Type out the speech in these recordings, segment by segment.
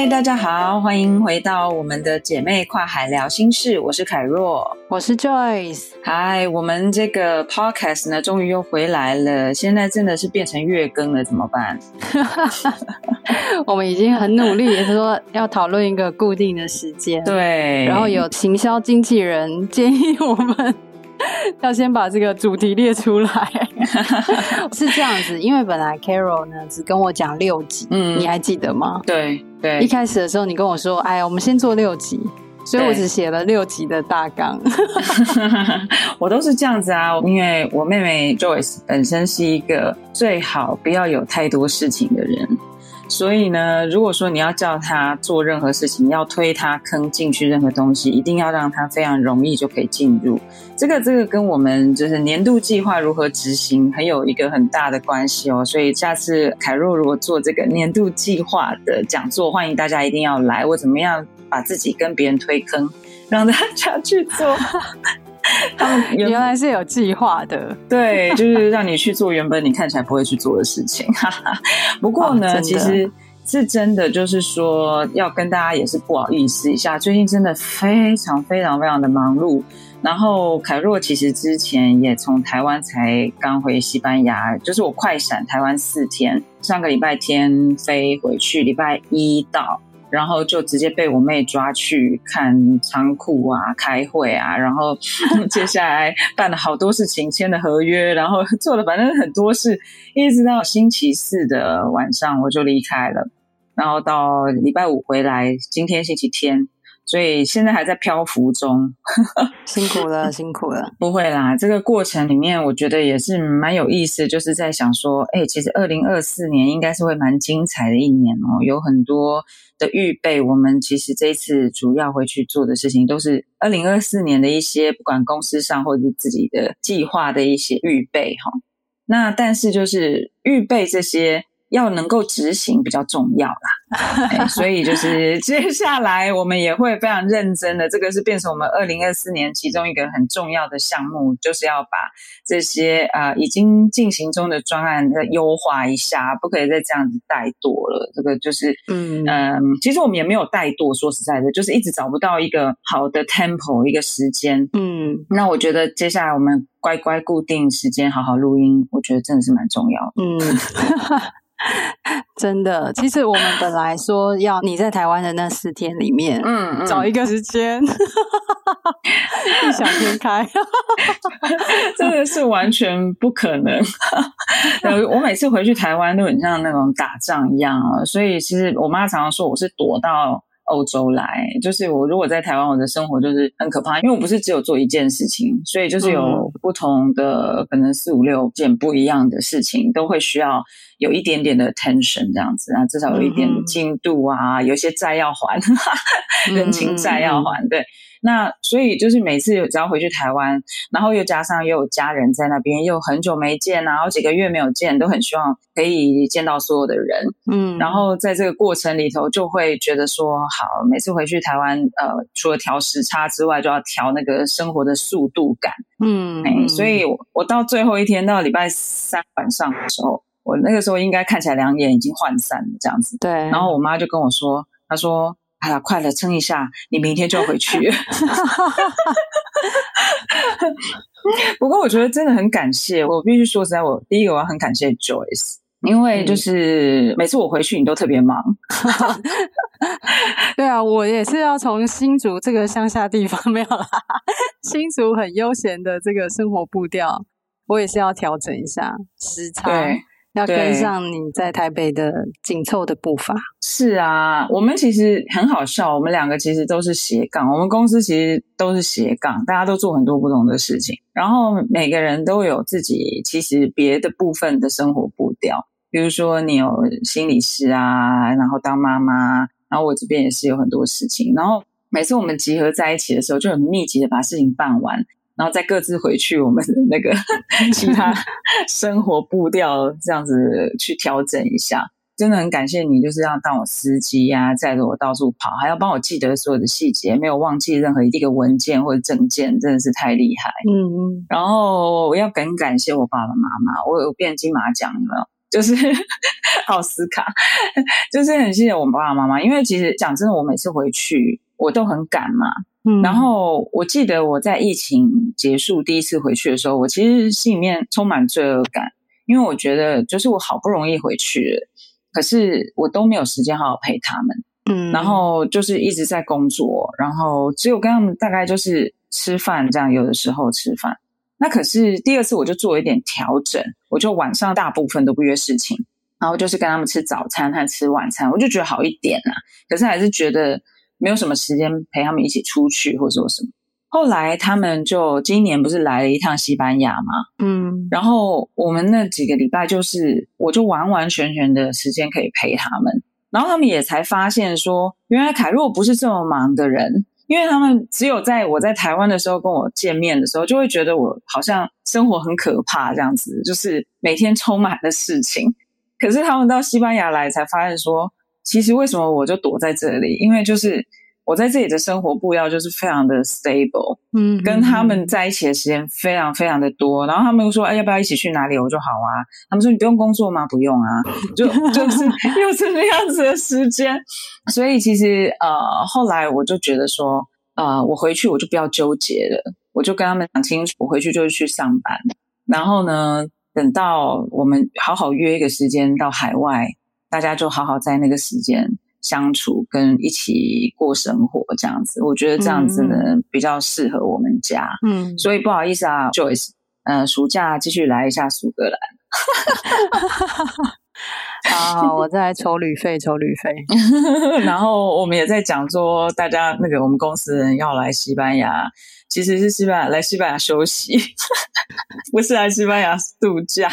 嗨，hey, 大家好，歡迎回到我們的姐妹跨海聊心事。我是凱若，我是 Joyce。嗨，我們這個 Podcast 呢，終於又回來了。現在真的是變成月更了，怎麼辦？ 我們已經很努力也是說要討論一個固定的時間，對。然後有行銷經紀人建議我們。 要先把這個主題列出來， 是這樣子。因為本來 Carol 呢只跟我講六集，嗯，你還記得嗎？對對，對一開始的時候你跟我說，哎呀，我們先做六集，所以我只寫了六集的大綱。對 我都是這樣子啊，因為我妹妹 Joyce 本身是一個最好不要有太多事情的人。所以呢，如果說你要叫他做任何事情，要推他坑進去任何東西，一定要讓他非常容易就可以進入。這個這個跟我們就是年度計劃如何執行，還有一個很大的關係哦。所以下次凱若如果做這個年度計劃的講座，歡迎大家一定要來。我怎麼樣把自己跟別人推坑，讓大家去做。 原，原來是有計劃的，對，就是讓你去做原本你看起來不會去做的事情。 不過呢，哦、其實是真的，就是說要跟大家也是不好意思一下，最近真的非常非常非常的忙碌。然後凱若其實之前也從台灣才剛回西班牙，就是我快閃台灣四天，上個禮拜天飛回去，禮拜一到。然後就直接被我妹抓去看倉庫啊，開會啊，然後 接下來辦了好多事情，簽了合約，然後做了反正很多事，一直到星期四的晚上我就離開了，然後到禮拜五回來，今天星期天。所以現在還在漂浮中， 辛苦了，辛苦了。不會啦，這個過程裡面，我覺得也是蠻有意思，就是在想說，哎、欸，其實二零二四年應該是會蠻精彩的一年哦，有很多的預備。我們其實這一次主要回去做的事情，都是二零二四年的一些，不管公司上或者是自己的計劃的一些預備哈、哦。那但是就是預備這些。要能夠執行比較重要啦，對對 所以就是接下來我們也會非常認真的，這個是變成我們二零二四年其中一個很重要的項目，就是要把這些呃已經進行中的專案再優化一下，不可以再這樣子怠惰了。這個就是嗯嗯、呃，其實我們也沒有怠惰，說實在的，就是一直找不到一個好的 tempo 一個時間。嗯，那我覺得接下來我們乖乖固定時間好好錄音，我覺得真的是蠻重要的。嗯。 真的，其實我們本來說要你在台灣的那四天裡面，嗯，找一個時間，異想、嗯嗯、 天開， 真的是完全不可能。 我每次回去台灣都很像那種打仗一樣啊、哦，所以其實我媽常常說我是躲到歐洲來，就是我如果在台灣，我的生活就是很可怕，因為我不是只有做一件事情，所以就是有不同的、嗯、可能四五六件不一樣的事情，都會需要有一點點的 tension 這樣子啊，至少有一點進度啊，嗯、有些債要還，哈哈嗯、人情債要還，對。那所以就是每次只要回去台灣，然後又加上又有家人在那邊，又很久沒見，然後幾個月沒有見，都很希望可以見到所有的人，嗯，然後在這個過程裡頭，就會覺得說，好，每次回去台灣，呃，除了調時差之外，就要調那個生活的速度感，嗯、欸，所以我我到最後一天到禮拜三晚上的時候，我那個時候應該看起來兩眼已經渙散了這樣子，對，然後我媽就跟我說，她說。哎呀、啊，快了，撐一下，你明天就要回去。 不過我覺得真的很感謝，我必須說實在，我第一個我要很感謝 Joyce，因為就是、嗯、每次我回去，你都特別忙。 對啊，我也是要從新竹這個鄉下地方沒有啦，新竹很悠閒的這個生活步調，我也是要調整一下時差，要跟上你在台北的緊湊的步伐。是啊，我們其實很好笑，我們兩個其實都是斜槓，我們公司其實都是斜槓，大家都做很多不同的事情，然後每個人都有自己其實別的部分的生活步調，比如說你有心理師啊，然後當媽媽，然後我這邊也是有很多事情，然後每次我們集合在一起的時候，就很密集的把事情辦完。然後再各自回去，我們的那個其他生活步調這樣子去調整一下。真的很感謝你，就是要當我司機呀、啊，載着我到處跑，還要幫我記得所有的細節，沒有忘記任何一個文件或者證件，真的是太厲害。嗯嗯。然後我要更感謝我爸爸媽媽，我有變金馬獎了，就是 奧斯卡，就是很謝謝我爸爸媽媽。因為其實講真的，我每次回去。我都很趕嘛，嗯，然後我記得我在疫情結束第一次回去的時候，我其實心裡面充滿罪惡感，因為我覺得就是我好不容易回去，可是我都沒有時間好好陪他們，嗯，然後就是一直在工作，然後只有跟他們大概就是吃飯這樣，有的時候吃飯。那可是第二次我就做一點調整，我就晚上大部分都不約事情，然後就是跟他們吃早餐和吃晚餐，我就覺得好一點啊。可是還是覺得。沒有什麼時間陪他們一起出去或者說什麼。後來他們就今年不是來了一趟西班牙嗎？嗯，然後我們那幾個禮拜就是我就完完全全的時間可以陪他們。然後他們也才發現說，原來凱若不是這麼忙的人，因為他們只有在我在台灣的時候跟我見面的時候，就會覺得我好像生活很可怕這樣子，就是每天充滿了事情。可是他們到西班牙來才發現說。其實為什麼我就躲在這裡？因為就是我在這裡的生活步調就是非常的 stable，嗯，嗯，嗯，跟他們在一起的時間非常非常的多。然後他們又說：“哎、欸，要不要一起去哪裡？”我就好啊。他們說：“你不用工作嗎？”不用啊，就就是 又是那樣子的時間。所以其實呃，後來我就覺得說，呃，我回去我就不要糾結了，我就跟他們講清楚，我回去就是去上班。然後呢，等到我們好好約一個時間到海外。大家就好好在那個時間相處，跟一起過生活這樣子。我覺得這樣子呢、嗯、比較適合我們家。嗯，所以不好意思啊，Joyce，嗯、呃，暑假繼續來一下蘇格蘭。啊， 我在抽旅費， 抽旅費。 然後我們也在講說，大家那個我們公司人要來西班牙。其實是西班牙來西班牙休息， 不是來西班牙度假，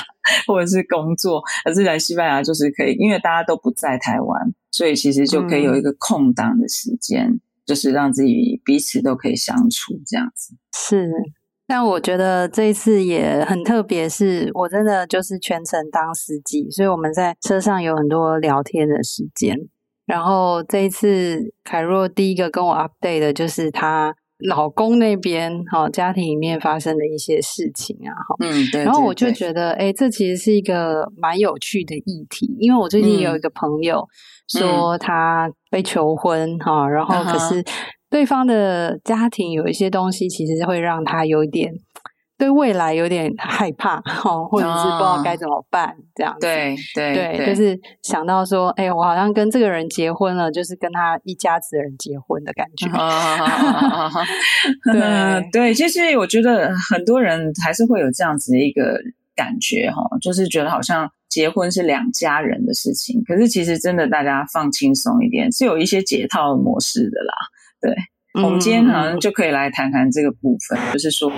或者是工作，而是來西班牙就是可以，因為大家都不在台灣，所以其實就可以有一個空檔的時間，嗯、就是讓自己彼此都可以相處這樣子。是，但我覺得這一次也很特別是，是我真的就是全程當司機，所以我們在車上有很多聊天的時間。然後這一次凱若第一個跟我 update 的就是他。老公那邊哈，家庭裡面發生的一些事情啊，哈，嗯，對，對,對，然後我就覺得，哎、欸，這其實是一個蠻有趣的議題，因為我最近有一個朋友說他被求婚哈、嗯啊，然後可是對方的家庭有一些東西，其實會讓他有一點，對未來有點害怕哈，或者是不知道該怎麼辦、哦、這樣子，對對對，對對對就是想到說，對哎，我好像跟這個人結婚了，就是跟他一家子的人結婚的感覺。嗯、 對、嗯、對，其實我覺得很多人還是會有這樣子的一個感覺哈，就是覺得好像結婚是兩家人的事情，可是其實真的大家放輕鬆一點，是有一些解套模式的啦，對。我們今天好像，就可以來談談這個部分，就是說，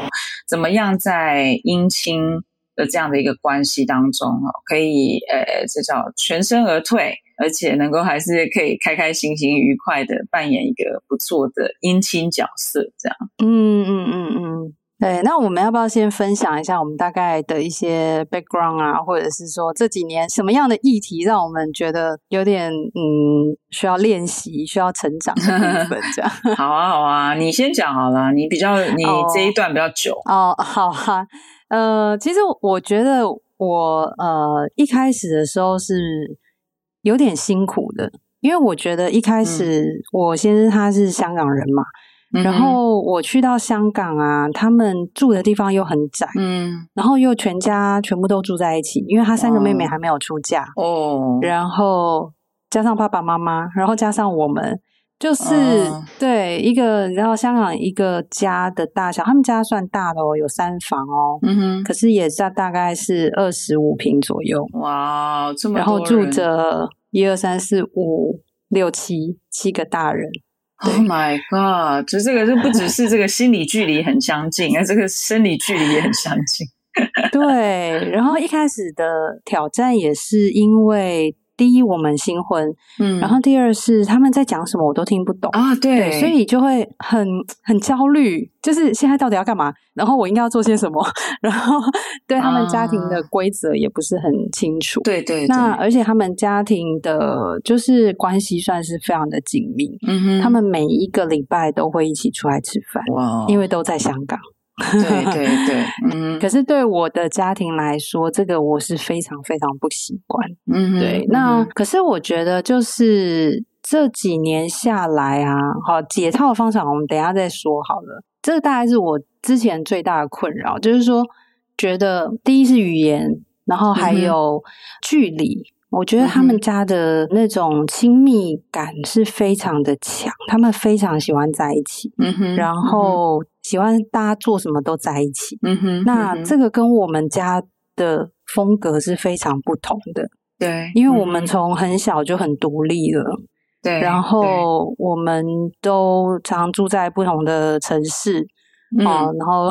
怎麼樣在姻親的這樣的一個關係當中，哈，可以呃，這叫全身而退，而且能夠還是可以開開心心、愉快的扮演一個不錯的姻親角色，這樣。嗯嗯嗯嗯。對，那我們要不要先分享一下我們大概的一些 background 啊，或者是說這幾年什麼樣的議題讓我們覺得有點嗯需要練習、需要成長的部分，這樣 好啊，好啊，你先講好了，你比較你這一段比較久哦，oh, oh, 好啊，呃，其實我覺得我呃一開始的時候是有點辛苦的，因為我覺得一開始我先生他是香港人嘛。然後我去到香港啊，他們住的地方又很窄，嗯，然後又全家全部都住在一起，因為他三個妹妹還沒有出嫁哦，然後加上爸爸媽媽，然後加上我們，就是、啊、對一個然後香港一個家的大小，他們家算大的哦，有三房哦，嗯哼，可是也是大概是二十五平左右，哇，這麼然後住着一二三四五六七七個大人。對 Oh my god！就這個就不只是這個心理距離很相近， 而這個生理距離也很相近。 對，然後一開始的挑戰也是因為。第一，我們新婚，嗯，然後第二是他們在講什麼我都聽不懂啊，對，對，所以就會很很焦慮，就是現在到底要幹嘛，然後我應該要做些什麼，然後對，啊，他們家庭的規則也不是很清楚，對，對對，那而且他們家庭的就是關係算是非常的緊密，嗯哼，他們每一個禮拜都會一起出來吃飯，哇，因為都在香港。 對對對，嗯、可是對我的家庭來說，這個我是非常非常不習慣。嗯哼，對。那、嗯、哼可是我覺得，就是這幾年下來啊，好解套的方法，我們等一下再說好了。這個、大概是我之前最大的困擾，就是說，覺得第一是語言，然後還有距離。嗯、哼我覺得他們家的那種親密感是非常的強，嗯、哼他們非常喜歡在一起。嗯哼然後。嗯喜歡大家做什麼都在一起。嗯哼，那這個跟我們家的風格是非常不同的。對，因為我們從很小就很獨立了。對。然後我們都常住在不同的城市。哦、嗯。然後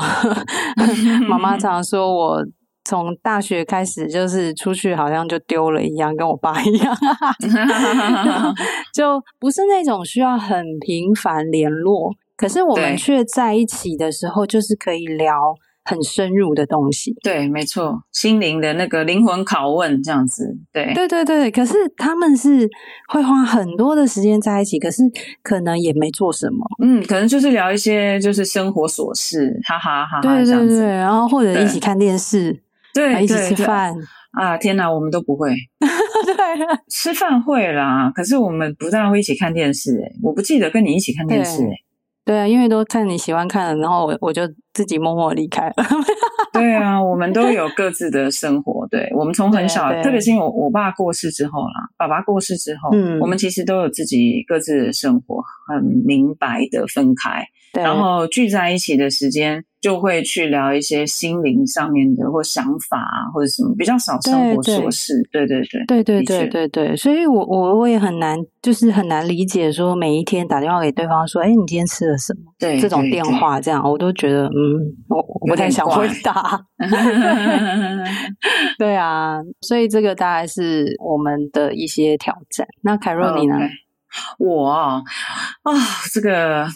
媽媽常說我從大學開始就是出去，好像就丟了一樣，跟我爸一樣， 就不是那種需要很頻繁聯絡。可是我們卻在一起的時候，就是可以聊很深入的東西。對，沒錯，心靈的那個靈魂拷問這樣子。對，對，對，對。可是他們是會花很多的時間在一起，可是可能也沒做什麼。嗯，可能就是聊一些就是生活瑣事，哈哈哈哈哈，對，對，對。然後或者一起看電視，對，然後一起吃飯。啊，天哪、啊，我們都不會。 對了吃飯會啦，可是我們不大會一起看電視欸，我不記得跟你一起看電視欸，對啊，因為都看你喜歡看，然後我我就自己默默離開了。 對啊，我們都有各自的生活。對，我們從很小，對啊、對，特別是我我爸過世之後啦，爸爸過世之後，嗯，我們其實都有自己各自的生活，很明白的分開。對然後聚在一起的時間，就會去聊一些心靈上面的，或想法啊，或者什麼比較少生活瑣事。對對，對對對，對對對對對。所以我我我也很難，就是很難理解說每一天打電話給對方說，哎，你今天吃了什麼？對，這種電話這樣，對對對我都覺得嗯，我不太想回答。點 對啊，所以這個大概是我們的一些挑戰。那凱若你呢？我啊，這個。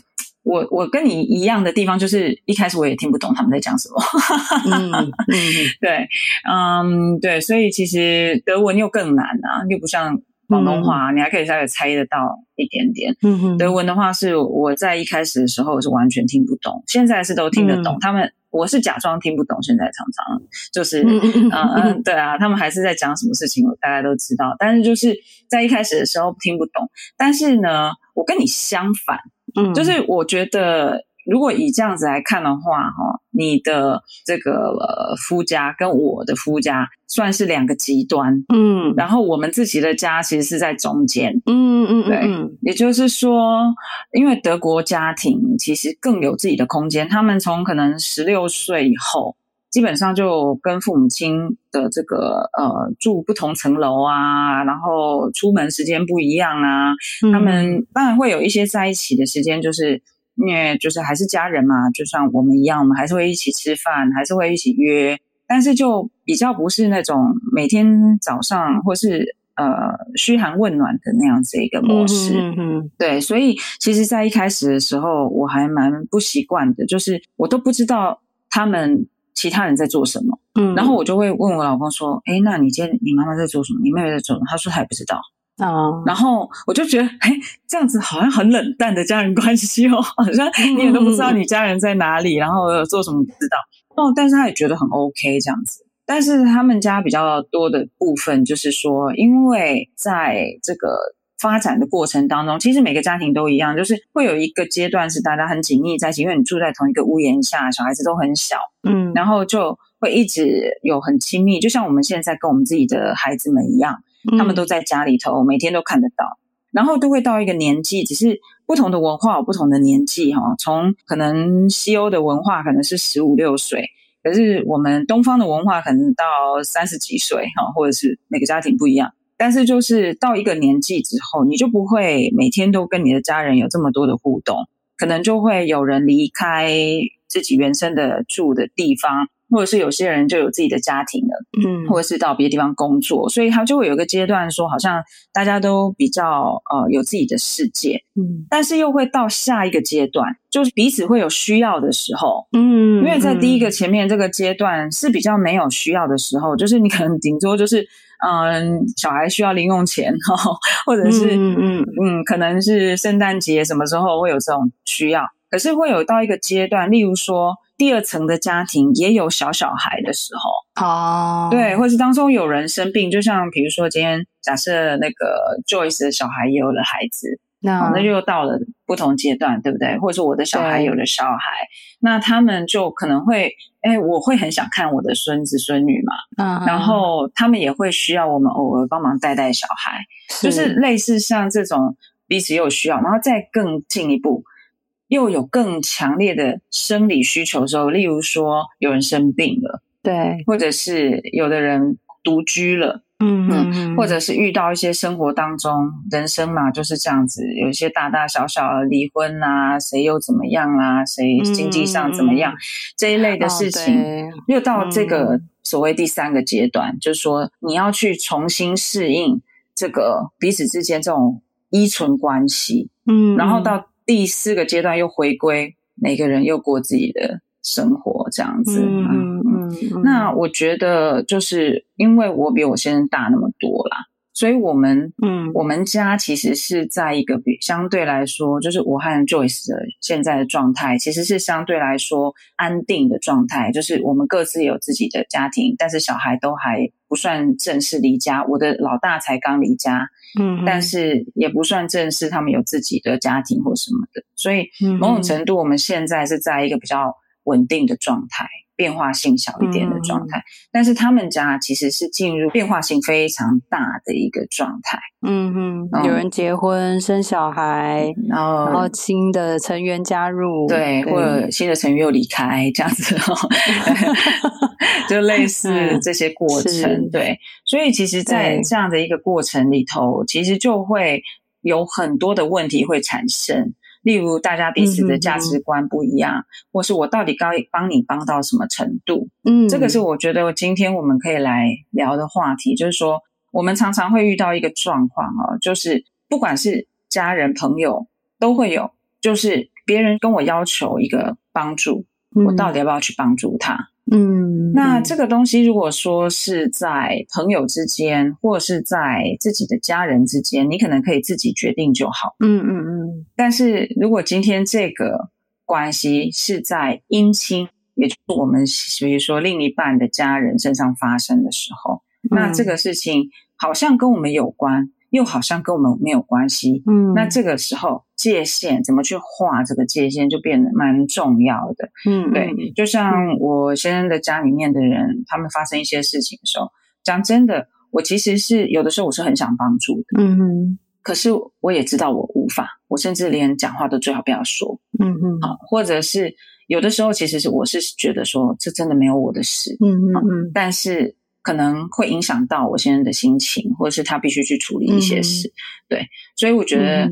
我我跟你一樣的地方就是一開始我也聽不懂他們在講什麼、嗯，嗯、 對，嗯，對，所以其實德文又更難啊，又不像廣東話、啊，嗯、你還可以稍微猜得到一點點。嗯嗯、德文的話是我在一開始的時候是完全聽不懂，現在是都聽得懂。嗯、他們我是假裝聽不懂，現在常常就是，嗯，嗯，對啊，他們還是在講什麼事情，大家都知道，但是就是在一開始的時候聽不懂。但是呢，我跟你相反。嗯，就是我覺得，如果以這樣子來看的話，哈，你的這個呃，夫家跟我的夫家算是兩個極端，嗯，然後我們自己的家其實是在中間，嗯嗯嗯，對，也就是說，因為德國家庭其實更有自己的空間，他們從可能十六歲以後。基本上就跟父母親的這個呃住不同層樓啊，然後出門時間不一樣啊，他們當然會有一些在一起的時間，就是因為就是還是家人嘛，就像我們一樣，我們還是會一起吃飯，還是會一起約，但是就比較不是那種每天早上或是呃噓寒問暖的那樣子一個模式，嗯哼嗯哼，對，所以其實，在一開始的時候，我還蠻不習慣的，就是我都不知道他們。其他人在做什麼？嗯，然後我就會問我老公說：“哎，那你今天你媽媽在做什麼？你妹妹在做什麼？”他說他也不知道。哦、嗯，然後我就覺得，哎，這樣子好像很冷淡的家人關係哦，好像你也都不知道你家人在哪裡，嗯、然後做什麼不知道。哦，但是他也覺得很 OK 這樣子。但是他們家比較多的部分就是說，因為在這個。發展的過程當中，其實每個家庭都一樣，就是會有一個階段是大家很緊密在一起，因為你住在同一個屋檐下，小孩子都很小，嗯，然後就會一直有很親密，就像我們現在跟我們自己的孩子們一樣，他們都在家裡頭，嗯，每天都看得到，然後都會到一個年紀，只是不同的文化有不同的年紀哈。從可能西歐的文化可能是十五六歲，可是我們東方的文化可能到三十幾歲哈，或者是每個家庭不一樣。但是，就是到一個年紀之後，你就不會每天都跟你的家人有這麼多的互動，可能就會有人離開自己原生的住的地方，或者是有些人就有自己的家庭了，嗯，或者是到別的地方工作，所以他就會有一個階段說，好像大家都比較呃有自己的世界，嗯，但是又會到下一個階段，就是彼此會有需要的時候，嗯，因為在第一個前面這個階段是比較沒有需要的時候，就是你可能頂多就是。嗯，小孩需要零用錢哈，或者是嗯嗯嗯，可能是聖誕節什麼時候會有這種需要，可是會有到一個階段，例如說第二層的家庭也有小小孩的時候哦，對，或是當中有人生病，就像比如說今天假設那個 Joyce 的小孩也有了孩子。那那就又到了不同階段，對不對？或者說我的小孩有了小孩，對那他們就可能會，哎、欸，我會很想看我的孫子孫女嘛，嗯哼，然後他們也會需要我們偶爾幫忙帶帶小孩，是就是類似像這種彼此也有需要，然後再更進一步，又有更強烈的生理需求的時候，例如說有人生病了，對，或者是有的人獨居了。嗯嗯，或者是遇到一些生活當中，嗯、人生嘛就是這樣子，有一些大大小小的離婚啊，誰又怎麼樣啊，誰經濟上怎麼樣、嗯、這一類的事情，哦、又到這個所謂第三個階段，嗯、就是說你要去重新適應這個彼此之間這種依存關係。嗯，然後到第四個階段又回歸，每個人又過自己的生活，這樣子。嗯。嗯那我覺得就是因為我比我先生大那麼多啦，所以我們嗯，我們家其實是在一個比相對來說，就是我和 Joyce 的現在的狀態，其實是相對來說安定的狀態。就是我們各自有自己的家庭，但是小孩都還不算正式離家，我的老大才剛離家，嗯，嗯，但是也不算正式，他們有自己的家庭或什麼的，所以某種程度我們現在是在一個比較穩定的狀態。變化性小一點的狀態，嗯、但是他們家其實是進入變化性非常大的一個狀態。嗯嗯哼，後有人結婚生小孩，然後然後新的成員加入，對，或者新的成員又離開，這樣子、喔， 就類似這些過程。嗯、對，所以其實，在這樣的一個過程裡頭，對其實就會有很多的問題會產生。例如大家彼此的價值觀不一樣，嗯、哼或是我到底該幫你幫到什麼程度？嗯，這個是我覺得今天我們可以來聊的話題，就是說我們常常會遇到一個狀況哦，就是不管是家人、朋友都會有，就是別人跟我要求一個幫助，我到底要不要去幫助他？嗯嗯，那這個東西如果說是在朋友之間，或是在自己的家人之間，你可能可以自己決定就好，嗯。嗯嗯嗯。但是如果今天這個關係是在姻親，也就是我們屬於說另一半的家人身上發生的時候，嗯、那這個事情好像跟我們有關。又好像跟我們沒有關係，嗯，那這個時候界限怎麼去劃這個界限就變得蠻重要的，嗯，對，就像我先生的家裡面的人，他們發生一些事情的時候，講真的，我其實是有的時候我是很想幫助的，嗯嗯哼，可是我也知道我無法，我甚至連講話都最好不要說，嗯嗯哼，好，或者是有的時候其實是我是覺得說這真的沒有我的事，嗯嗯哼嗯，但是。可能會影響到我現在的心情，或者是他必須去處理一些事，嗯、對，所以我覺得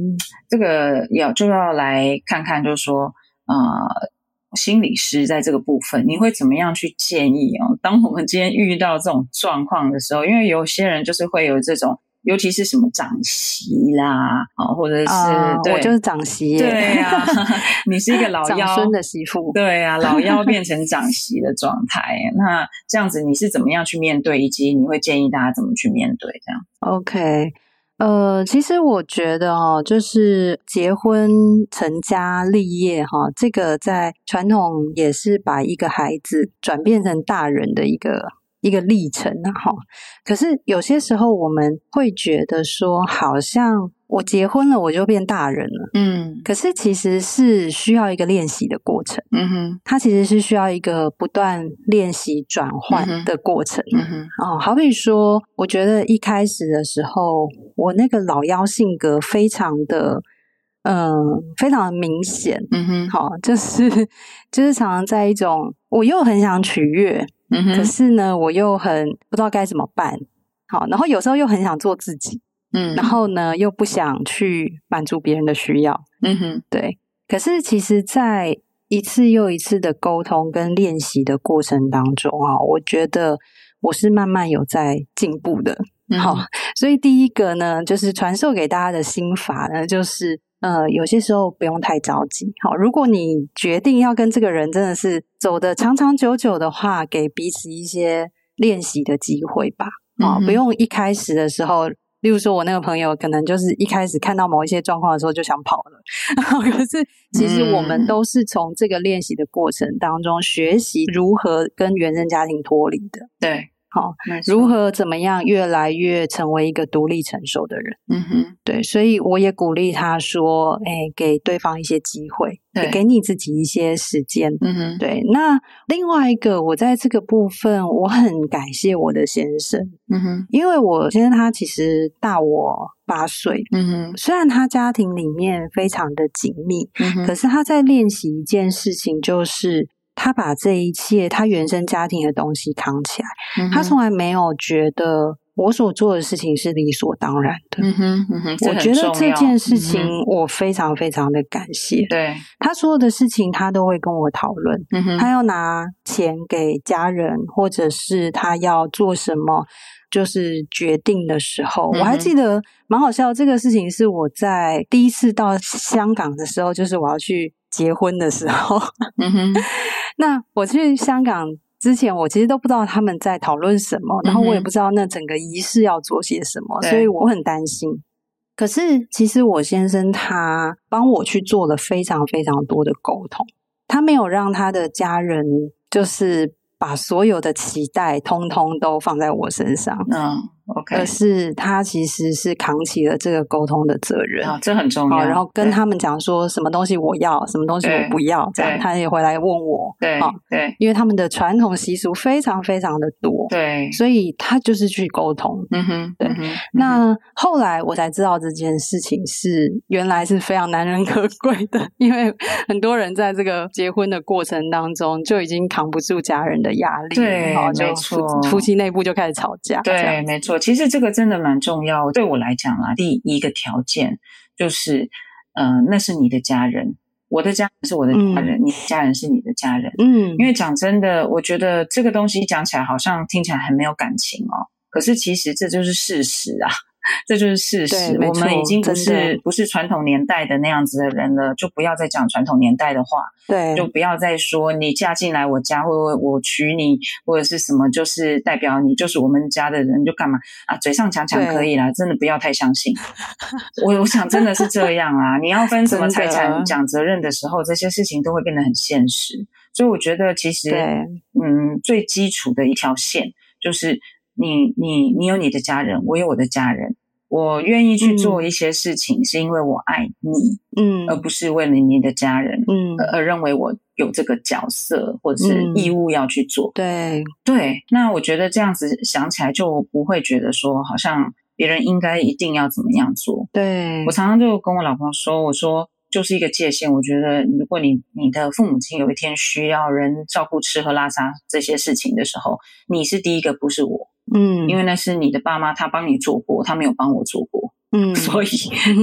這個要就要來看看，就是說啊、嗯呃，心理師在這個部分，你會怎麼樣去建議哦？當我們今天遇到這種狀況的時候，因為有些人就是會有這種。尤其是什麼長媳啦，啊、哦，或者是，啊、對我就是長媳，對呀，對啊， 你是一個老幺長孫的媳婦，對呀，啊，老幺變成長媳的狀態， 那這樣子你是怎麼樣去面對，以及你會建議大家怎麼去面對這樣？OK，呃，其實我覺得哦，就是結婚成家立業哈，哦，這個在傳統也是把一個孩子轉變成大人的一個。一個歷程哈、哦，可是有些時候我們會覺得說，好像我結婚了，我就變大人了，嗯，可是其實是需要一個練習的過程，嗯哼，它其實是需要一個不斷練習轉換的過程，嗯哼，嗯哼哦，好比說，我覺得一開始的時候，我那個老麼性格非常的，嗯、呃，非常的明顯，嗯哼，好、哦，就是就是常常在一種，我又很想取悅。嗯哼，可是呢，我又很不知道該怎麼辦。好，然後有時候又很想做自己，嗯哼，然後呢，又不想去滿足別人的需要。嗯哼，對。可是其實，在一次又一次的溝通跟練習的過程當中啊，我覺得我是慢慢有在進步的。好，嗯，所以第一個呢，就是傳授給大家的心法呢，就是。呃，有些時候不用太着急。好，如果你決定要跟這個人真的是走的長長久久的話，給彼此一些練習的機會吧。啊，嗯哼，不用一開始的時候，例如說我那個朋友，可能就是一開始看到某一些狀況的時候就想跑了。可是其實我們都是從這個練習的過程當中學習如何跟原生家庭脫離的。嗯、對。好，是如何怎麼樣越來越成為一個獨立成熟的人？嗯哼，對，所以我也鼓勵他說：“誒、欸，給對方一些機會，對也給你自己一些時間。”嗯哼，對。那另外一個，我在這個部分，我很感謝我的先生。嗯哼，因為我先生他其實大我八歲。嗯哼，雖然他家庭裡面非常的緊密，嗯、哼可是他在練習一件事情，就是。他把這一切，他原生家庭的東西扛起來。嗯、哼他從來沒有覺得我所做的事情是理所當然的。嗯嗯、我覺得這件事情，我非常非常的感謝。對、嗯、哼他所有的事情，他都會跟我討論。對他要拿錢給家人，嗯、哼或者是他要做什麼，就是決定的時候。嗯、哼我還記得蠻好笑，這個事情是我在第一次到香港的時候，就是我要去。結婚的時候，嗯哼， 那我去香港之前，我其實都不知道他們在討論什麼，然後我也不知道那整個儀式要做些什麼，所以我很擔心。可是，其實我先生他幫我去做了非常非常多的溝通，他沒有讓他的家人就是把所有的期待通通都放在我身上。嗯。可是他其實是扛起了這個溝通的責任啊，這很重要。然後跟他們講說什麼東西我要，什麼東西我不要。這樣他也回來問我，對啊，對，因為他們的傳統習俗非常非常的多，對，所以他就是去溝通。嗯哼，對。那後來我才知道這件事情是原來是非常難能可貴的，因為很多人在這個結婚的過程當中就已經扛不住家人的壓力，對，就，夫夫妻內部就開始吵架，對，沒錯。其實這個真的蠻重要，對我來講啊，第一個條件就是，嗯、呃，那是你的家人，我的家人是我的家人，嗯、你的家人是你的家人，嗯，因為講真的，我覺得這個東西講起來好像聽起來很沒有感情哦，可是其實這就是事實啊。這就是事實。我們已經不是的不是傳統年代的那樣子的人了，就不要再講傳統年代的話。對，就不要再說你嫁進來我家，或者我娶你，或者是什麼，就是代表你就是我們家的人，就幹嘛啊。嘴上講講可以啦，對真的不要太相信。我我想真的是這樣啊！ 你要分什麼財產、的講責任的時候，這些事情都會變得很現實。所以我覺得，其實對嗯，最基礎的一條線就是。你你你有你的家人，我有我的家人。我願意去做一些事情，是因為我愛你，嗯，而不是為了你的家人，嗯而，而認為我有這個角色或者是義務要去做。嗯、對對，那我覺得這樣子想起來就不會覺得說好像別人應該一定要怎麼樣做。對，我常常就跟我老公說，我說就是一個界限。我覺得如果你你的父母親有一天需要人照顧吃喝拉撒這些事情的時候，你是第一個，不是我。嗯，因為那是你的爸媽，他幫你做過，他沒有幫我做過，嗯，所以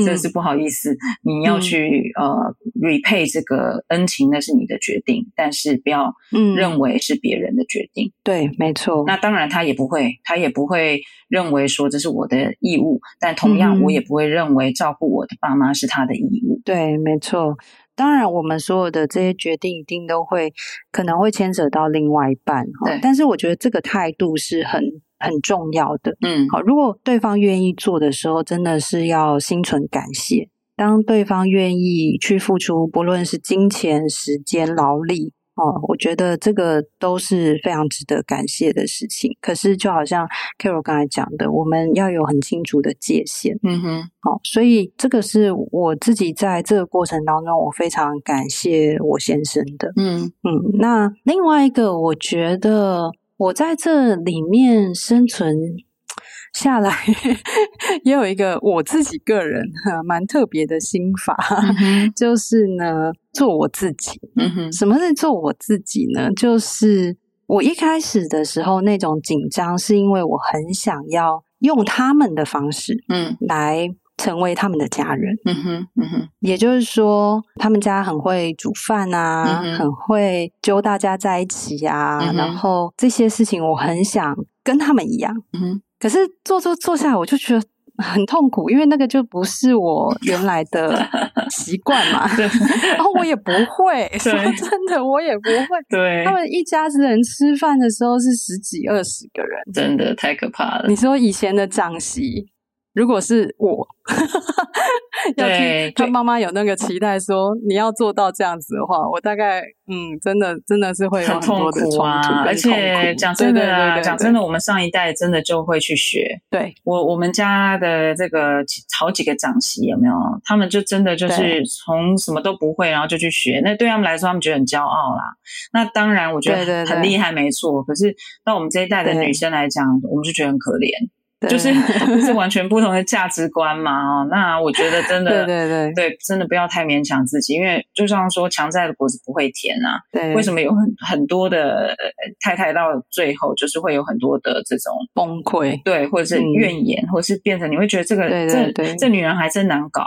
這是不好意思，嗯、你要去、嗯、呃 repay 這個恩情，那是你的決定，但是不要認為是別人的決定，嗯、對，沒錯。那當然他也不會，他也不會認為說這是我的義務，但同樣我也不會認為照顧我的爸媽是他的義務，嗯、對，沒錯。當然我們所有的這些決定一定都會可能會牽扯到另外一半，對，但是我覺得這個態度是很。很重要的，嗯，好，如果對方願意做的時候，真的是要心存感謝。當對方願意去付出，不論是金錢、時間、勞力，哦、嗯，我覺得這個都是非常值得感謝的事情。可是，就好像 Carol 剛才講的，我們要有很清楚的界限，嗯哼，好、嗯，所以這個是我自己在這個過程當中，我非常感謝我先生的，嗯嗯。那另外一個，我覺得。我在這裡面生存下來， 也有一個我自己個人蠻特別的心法、嗯哼，就是呢，做我自己。嗯、哼什麼是做我自己呢？就是我一開始的時候那種緊張，是因為我很想要用他們的方式，嗯，來，成為他們的家人，嗯哼，嗯哼，也就是說，他們家很會煮飯啊，嗯、哼很會揪大家在一起啊，嗯、哼然後這些事情我很想跟他們一樣，嗯哼，可是做做做下來，我就覺得很痛苦，因為那個就不是我原來的習慣嘛， 對 然後我也不會，對說真的，我也不會，對，他們一家子人吃飯的時候是十幾二十個人，真的太可怕了。你說以前的長媳。如果是我，哈哈，哈， 要聽他媽媽有那個期待，說你要做到這樣子的話，我大概嗯，真的真的是會有很多的衝突，很痛苦啊。很痛苦，而且講真的，講真的，我們上一代真的就會去學。對我，我們家的這個好幾個長媳有沒有？他們就真的就是從什麼都不會，然後就去學。對，那對他們來說，他們覺得很驕傲啦。那當然，我覺得很厲害，沒錯。對對對，可是，到我們這一代的女生來講，對我們就覺得很可憐。對 就是是完全不同的價值觀嘛？哦，那我覺得真的對對對、對，真的不要太勉強自己，因為就像說強摘的果子不會甜啊。對，為什麼有很很多的太太到最後就是會有很多的這種崩潰潰，對，或者是怨言，嗯、或者是變成你會覺得這個對對對，這這女人還真難搞。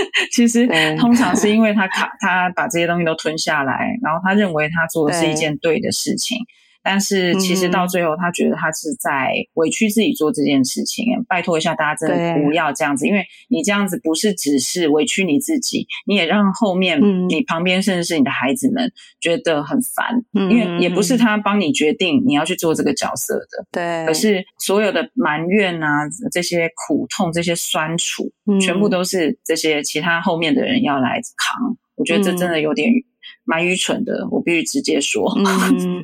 其實對通常是因為她卡，她把這些東西都吞下來，然後她認為她做的是一件對的事情。但是其實到最後，他覺得他是在委屈自己做這件事情。拜托一下，大家真的不要這樣子，因為你這樣子不是只是委屈你自己，你也讓後面你旁邊甚至是你的孩子們覺得很煩。因為也不是他幫你決定你要去做這個角色的，對。可是所有的埋怨啊，這些苦痛、這些酸楚，全部都是這些其他後面的人要來扛。我覺得這真的有點。蠻愚蠢的，我必須直接說。嗯，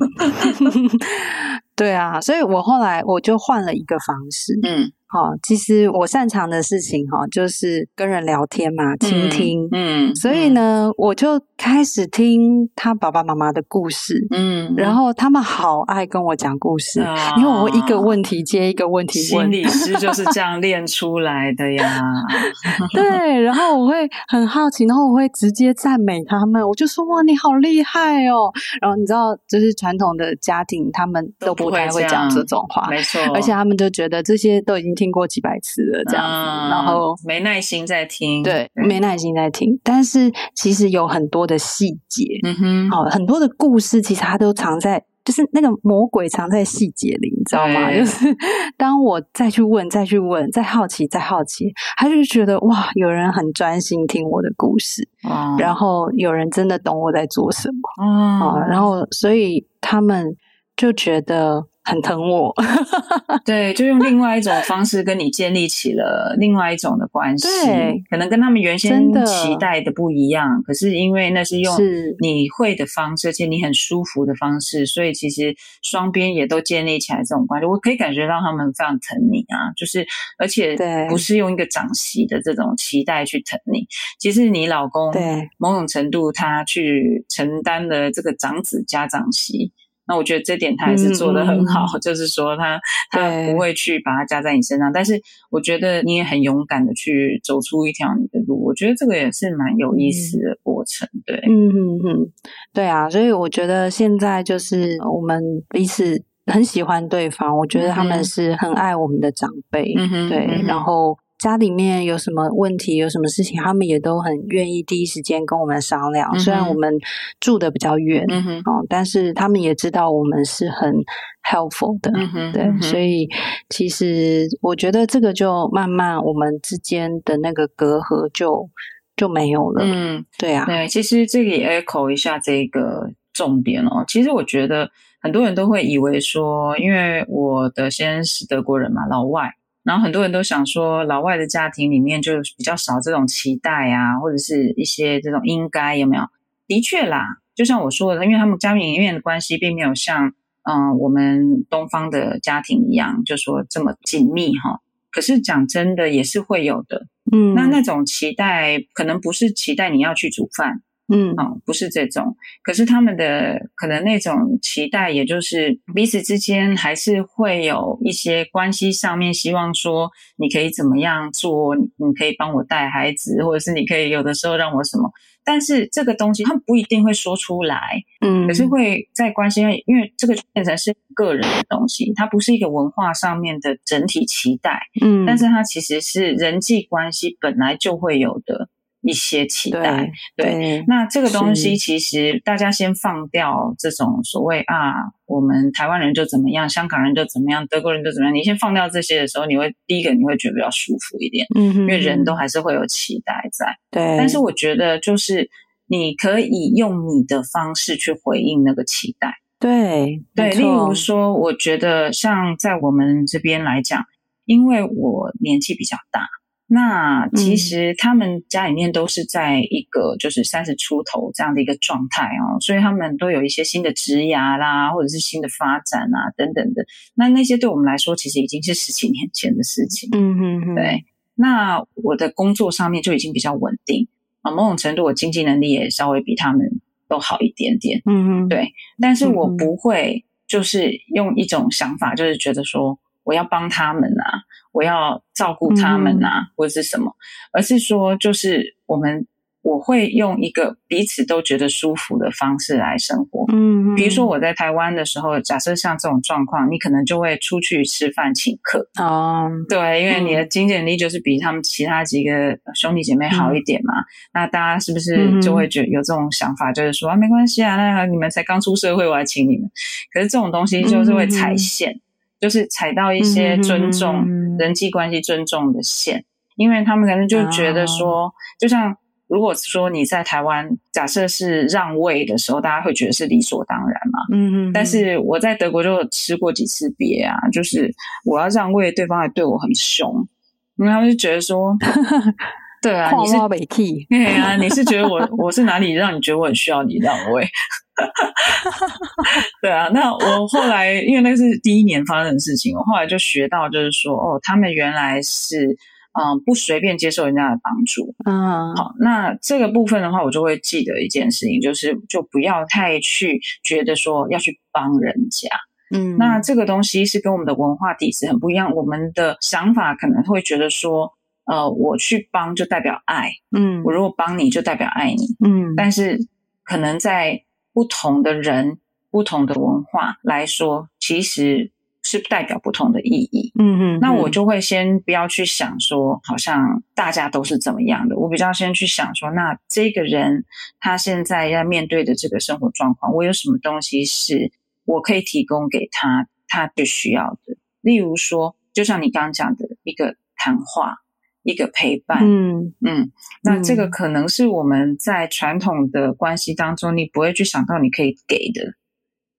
對啊，所以我後來我就換了一個方式。嗯。哦，其實我擅長的事情哈，就是跟人聊天嘛，傾聽，嗯，嗯，所以呢，我就開始聽他爸爸媽媽的故事，嗯，然後他們好愛跟我講故事，嗯，因為我一個問題接一個問題心，啊，心理師就是這樣練出來的呀， 對，然後我會很好奇，然後我會直接讚美他們，我就說哇，你好厲害哦，然後你知道，就是傳統的家庭，他們都不太會講這種話，沒錯，而且他們就覺得這些都已經。聽過幾百次了，這樣，嗯、然後沒耐心再聽，對，對沒耐心再聽。但是其實有很多的細節，嗯哼、哦，很多的故事其實它都藏在，就是那個魔鬼藏在細節裡，你知道嗎？對就是當我再去問、再去問、再好奇、再好奇，他就覺得哇，有人很專心聽我的故事，嗯、然後有人真的懂我在做什麼啊、嗯哦，然後所以他們就覺得。很疼我， 對，就用另外一種方式跟你建立起了另外一種的關係， 對可能跟他們原先期待的不一樣。的可是因為那是用你會的方式，是而且你很舒服的方式，所以其實雙邊也都建立起來這種關係。我可以感覺到他們非常疼你啊，就是而且不是用一個長媳的這種期待去疼你。其實你老公對某種程度他去承擔了這個長子加長媳。那我覺得這點他還是做得很好，嗯、就是說他對他不會去把它加在你身上，但是我覺得你也很勇敢的去走出一條你的路，我覺得這個也是蠻有意思的過程，嗯、對，嗯哼哼，對啊，所以我覺得現在就是我們彼此很喜歡對方，我覺得他們是很愛我們的長輩，嗯、哼對，嗯、哼然後。家裡面有什麼問題，有什麼事情，他們也都很願意第一時間跟我們商量。嗯、哼雖然我們住的比較遠、嗯、哼哦，但是他們也知道我們是很 helpful 的，嗯、哼對。嗯、哼所以其實我覺得這個就慢慢我們之間的那個隔閡就就沒有了。嗯，對啊，對。其實這裡 echo 一下這個重點哦。其實我覺得很多人都會以為說，因為我的先生是德國人嘛，老外。然後很多人都想說，老外的家庭裡面就比較少這種期待啊，或者是一些這種應該有沒有？的確啦，就像我說的，因為他們家庭裡面的關係並沒有像嗯、呃、我們東方的家庭一樣，就說這麼緊密哈、哦。可是講真的，也是會有的。嗯，那那種期待，可能不是期待你要去煮飯。嗯啊、哦，不是這種，可是他們的可能那種期待，也就是彼此之間還是會有一些關係上面希望說，你可以怎麼樣做，你可以幫我帶孩子，或者是你可以有的時候讓我什麼，但是這個東西他們不一定會說出來，嗯，可是會在關心，因為這個變成是個人的東西，它不是一個文化上面的整體期待，嗯，但是它其實是人際關係本來就會有的。一些期待，對，那這個東西其實大家先放掉這種所謂是啊，我們台灣人就怎麼樣，香港人就怎麼樣，德國人就怎麼樣。你先放掉這些的時候，你會第一個你會覺得比較舒服一點，嗯哼嗯，因為人都還是會有期待在，對。但是我覺得就是你可以用你的方式去回應那個期待，對，對。錯例如說，我覺得像在我們這邊來講，因為我年紀比較大。那其實他們家裡面都是在一個就是三十出頭這樣的一個狀態哦，所以他們都有一些新的職涯啦，或者是新的發展啊等等的。那那些對我們來說，其實已經是十幾年前的事情。嗯嗯嗯，對。那我的工作上面就已經比較穩定啊，某種程度我經濟能力也稍微比他們都好一點點。嗯嗯，對。但是我不會就是用一種想法，就是覺得說我要幫他們啊。我要照顧他們啊，嗯、或者是什麼，而是說，就是我們我會用一個彼此都覺得舒服的方式來生活。嗯，嗯，比如說我在台灣的時候，假設像這種狀況，你可能就會出去吃飯請客哦。對，因為你的經濟力就是比他們其他幾個兄弟姐妹好一點嘛，嗯嗯，那大家是不是就會覺得有這種想法，就是說嗯嗯啊，沒關係啊，那你們才剛出社會，我來請你們。可是這種東西就是會踩線。嗯嗯就是踩到一些尊重人際關係、尊重的線，因為他們可能就覺得說，啊、就像如果說你在台灣，假設是讓位的時候，大家會覺得是理所當然嘛。嗯哼嗯哼但是我在德國就吃過幾次鱉啊，就是我要讓位，對方還對我很凶，因為他們就覺得說。 對啊，你是哎呀、啊，你是覺得我 我是哪裡讓你覺得我很需要你讓位？ 對啊，那我後來因為那是第一年發生的事情，我後來就學到就是說，哦，他們原來是嗯、呃、不隨便接受人家的幫助。嗯，好，那這個部分的話，我就會記得一件事情，就是就不要太去覺得說要去幫人家。嗯，那這個東西是跟我們的文化底子很不一樣，我們的想法可能會覺得說。呃，我去幫就代表愛，嗯，我如果幫你就代表愛你，嗯，但是可能在不同的人、不同的文化來說，其實是代表不同的意義，嗯嗯。那我就會先不要去想說，好像大家都是怎麼樣的，我比較先去想說，那這個人他現在要面對的這個生活狀況，我有什麼東西是我可以提供給他，他最需要的。例如說，就像你剛剛講的一個談話，一個陪伴，嗯嗯，那這個可能是我們在傳統的關係當中，你不會去想到你可以給的，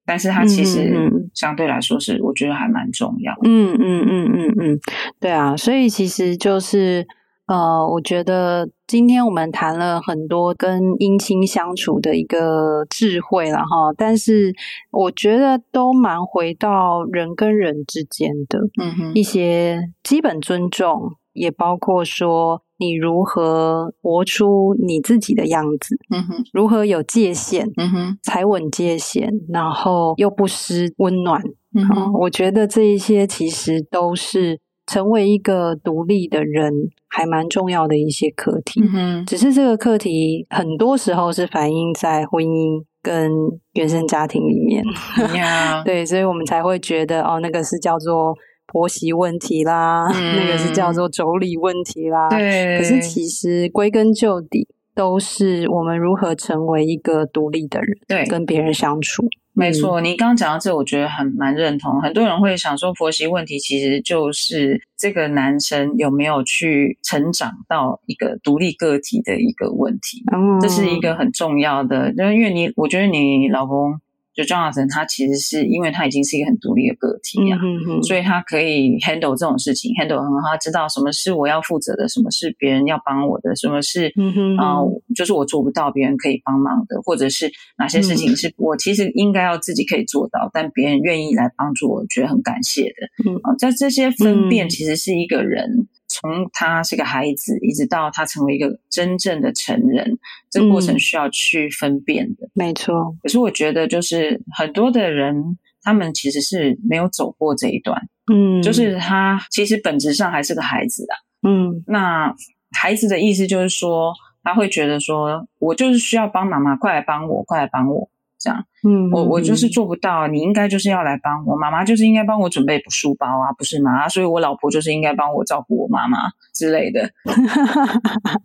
但是它其實相對來說是我覺得還蠻重要的，嗯嗯嗯嗯嗯，嗯，對啊，所以其實就是呃，我覺得今天我們談了很多跟姻親相處的一個智慧了哈，但是我覺得都蠻回到人跟人之間的，嗯哼，一些基本尊重。也包括說你如何活出你自己的樣子，mm hmm. 如何有界限，mm hmm. 踩穩界限，mm hmm. 然後又不失溫暖，mm hmm. 哦，我覺得這一些其實都是成為一個獨立的人還蠻重要的一些課題，mm hmm. 只是這個課題很多時候是反映在婚姻跟原生家庭裡面，Yeah. 對，所以我們才會覺得哦，那個是叫做。婆媳問題啦，嗯、那個是叫做妯娌問題啦。對，可是其實歸根究底，都是我們如何成為一個獨立的人，對，跟別人相處。沒錯，嗯、你剛剛講到這，我覺得很蠻認同。很多人會想說，婆媳問題其實就是這個男生有沒有去成長到一個獨立個體的一個問題。嗯、這是一個很重要的，因為你，我覺得你老公。就 Jonathan 他其實是因為他已經是一個很獨立的個體啊，嗯、哼哼所以他可以 handle 這種事情 handle 很好。然後他知道什麼是我要負責的，什麼是別人要幫我的，什麼是啊，嗯、哼哼就是我做不到別人可以幫忙的，或者是哪些事情是我其實應該要自己可以做到，嗯、但別人願意來幫助我，覺得很感謝的。嗯、啊，在這些分辨其實是一個人。嗯從他是個孩子，一直到他成為一個真正的成人，嗯，這個過程需要去分辨的，沒錯。可是我覺得，就是很多的人，他們其實是沒有走過這一段，嗯，就是他其實本質上還是個孩子啊，嗯。那孩子的意思就是說，他會覺得說，我就是需要幫媽媽，快來幫我，快來幫我。這樣，嗯，我我就是做不到，啊，你應該就是要來幫我媽媽，就是應該幫我準備書包啊，不是嗎、啊？所以我老婆就是應該幫我照顧我媽媽之類的。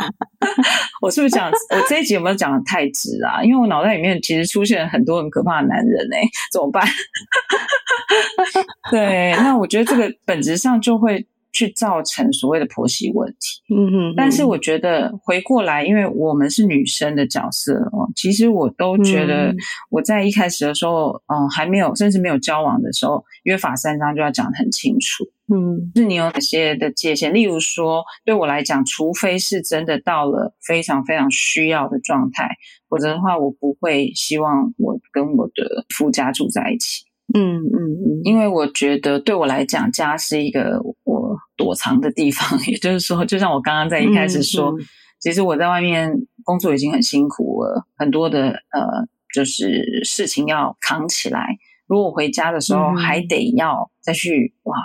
我是不是講我這一集有沒有講得太直啊？因為我腦袋裡面其實出現了很多很可怕的男人呢、欸，怎麼辦？ 對，那我覺得這個本質上就會。去造成所謂的婆媳問題，嗯嗯。但是我覺得回過來，因為我們是女生的角色哦，其實我都覺得我在一開始的時候，嗯，還沒有，甚至沒有交往的時候，約法三章就要講得很清楚，嗯，就是你有哪些的界限。例如說，對我來講，除非是真的到了非常非常需要的狀態，否則的話，我不會希望我跟我的夫家住在一起，嗯嗯，因為我覺得對我來講，家是一個。躲藏的地方，也就是說，就像我剛剛在一開始說，嗯嗯、其實我在外面工作已經很辛苦了，很多的呃，就是事情要扛起來。如果我回家的時候還得要再去、嗯、哇，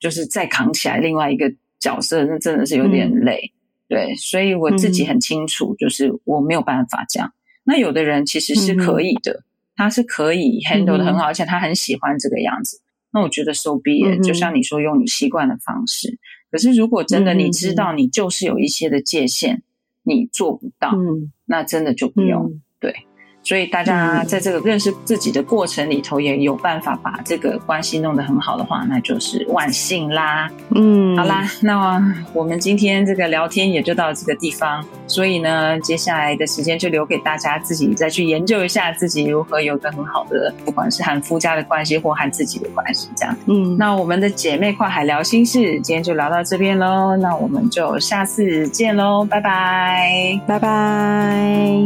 就是再扛起來另外一個角色，那真的是有點累。嗯、對，所以我自己很清楚，嗯、就是我沒有辦法這樣。那有的人其實是可以的，嗯、他是可以 handle 得很好，而且他很喜歡這個樣子。那我覺得 so be it，就像你說，用你習慣的方式。嗯、哼可是如果真的你知道，你就是有一些的界限，嗯、哼你做不到，嗯、那真的就不用、嗯、對。所以大家在這個認識自己的過程裡頭，也有辦法把這個關係弄得很好的話，那就是萬幸啦。嗯，好啦，那我們今天這個聊天也就到這個地方。所以呢，接下來的時間就留給大家自己再去研究一下自己如何有個很好的，不管是和夫家的關係或和自己的關係，這樣。嗯，那我們的姐妹跨海聊心事今天就聊到這邊嘍，那我們就下次見嘍，拜拜，拜拜。